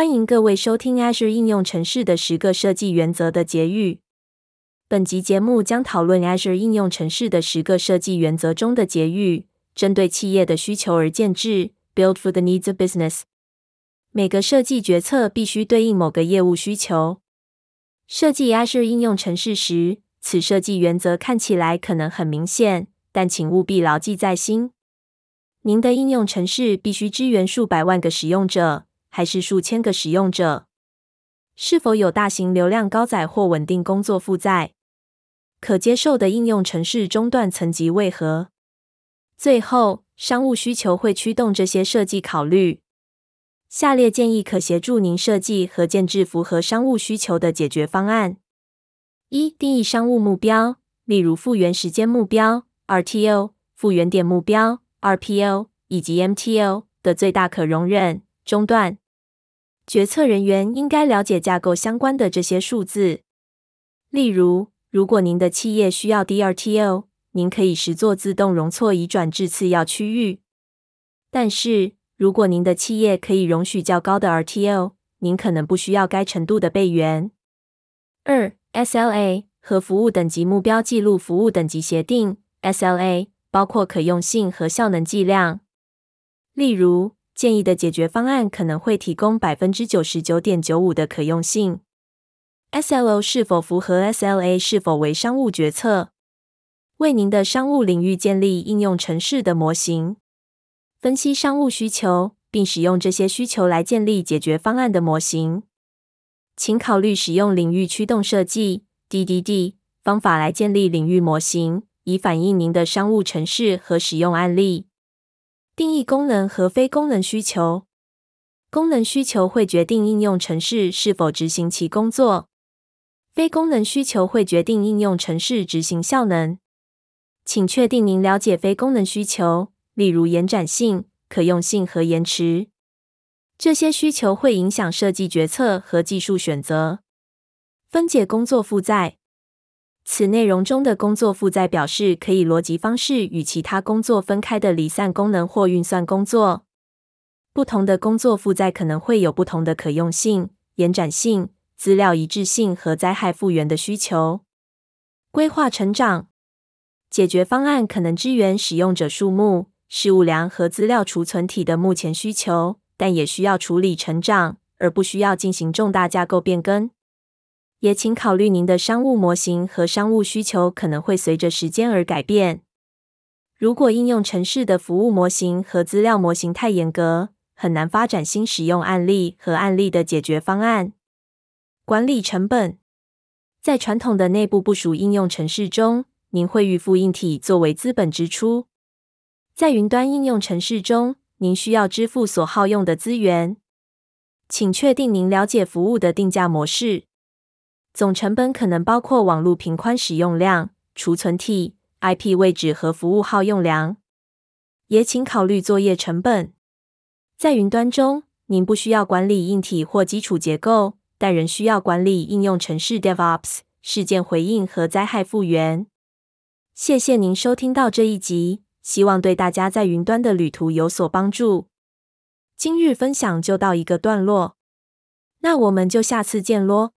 歡迎各位收聽 Azure 應用程式的十個設計原則的節育。本集節目將討論 Azure 應用程式的十個設計原則中的節育，針對企業的需求而建置，build for the needs of business。每個設計決策必須對應某個業務需求。設計 Azure 應用程式時，此設計原則看起來可能很明顯，但請務必牢記在心。您的應用程式必須支援數百萬個使用者，還是數千個使用者？是否有大型流量、高載或穩定工作負載？可接受的應用程式中斷層級為何？最後，商務需求會驅動這些設計考慮。下列建議可協助您設計和建置符合商務需求的解決方案：一、定義商務目標，例如復原時間目標 （RTO）、TO, 復原點目標 （RPO） 以及 MTO 的最大可容忍中斷。決策人員應該了解架構相關的這些數字，例如，如果您的企業需要低 RTO，您可以實作自動容錯移轉至次要區域；但是如果您的企業可以容許較高的 RTO，您可能不需要該程度的備援。二 SLA 和服務等級目標記錄服務等級協定 SLA，包括可用性和效能計量，例如。建議的解決方案可能會提供百分之九十九點九五的可用性。SLO 是否符合 SLA？是否為商務決策？為您的商務領域建立應用程式的模型，分析商務需求，並使用這些需求來建立解決方案的模型。請考慮使用領域驅動設計 （DDD） 方法來建立領域模型，以反映您的商務程式和使用案例。定義功能和非功能需求。功能需求會決定應用程式，是否執行其工作，非功能需求會決定應用程式執行效能。請確定您了解非功能需求，例如延展性、可用性和延遲。這些需求會影響設計決策和技術選擇。分解工作負載。此內容中的工作負載表示可以邏輯方式與其他工作分開的離散功能或運算工作。不同的工作負載可能會有不同的可用性、延展性、資料一致性和災害復原的需求。規劃成長，解決方案可能支援使用者數目、事物量和資料儲存體的目前需求，但也需要處理成長，而不需要進行重大架構變更。也請考慮您的商務模型和商務需求可能會隨着時間而改變。如果應用程式的服務模型和資料模型太嚴格，很難發展新使用案例和案例的解決方案。管理成本。在傳統的內部部署應用程式中，您會預付硬體作為資本支出。在雲端應用程式中，您需要支付所耗用的資源。請確定您了解服務的定價模式。總成本可能包括網絡頻寬使用量、儲存體、IP 位置和服務耗用量，也請考慮作業成本。在雲端中，您不需要管理硬體或基礎結構，但仍需要管理應用程式 DevOps、事件回應和災害復原。謝謝您收聽到這一集，希望對大家在雲端的旅途有所幫助。今日分享就到一個段落，那我們就下次見囉。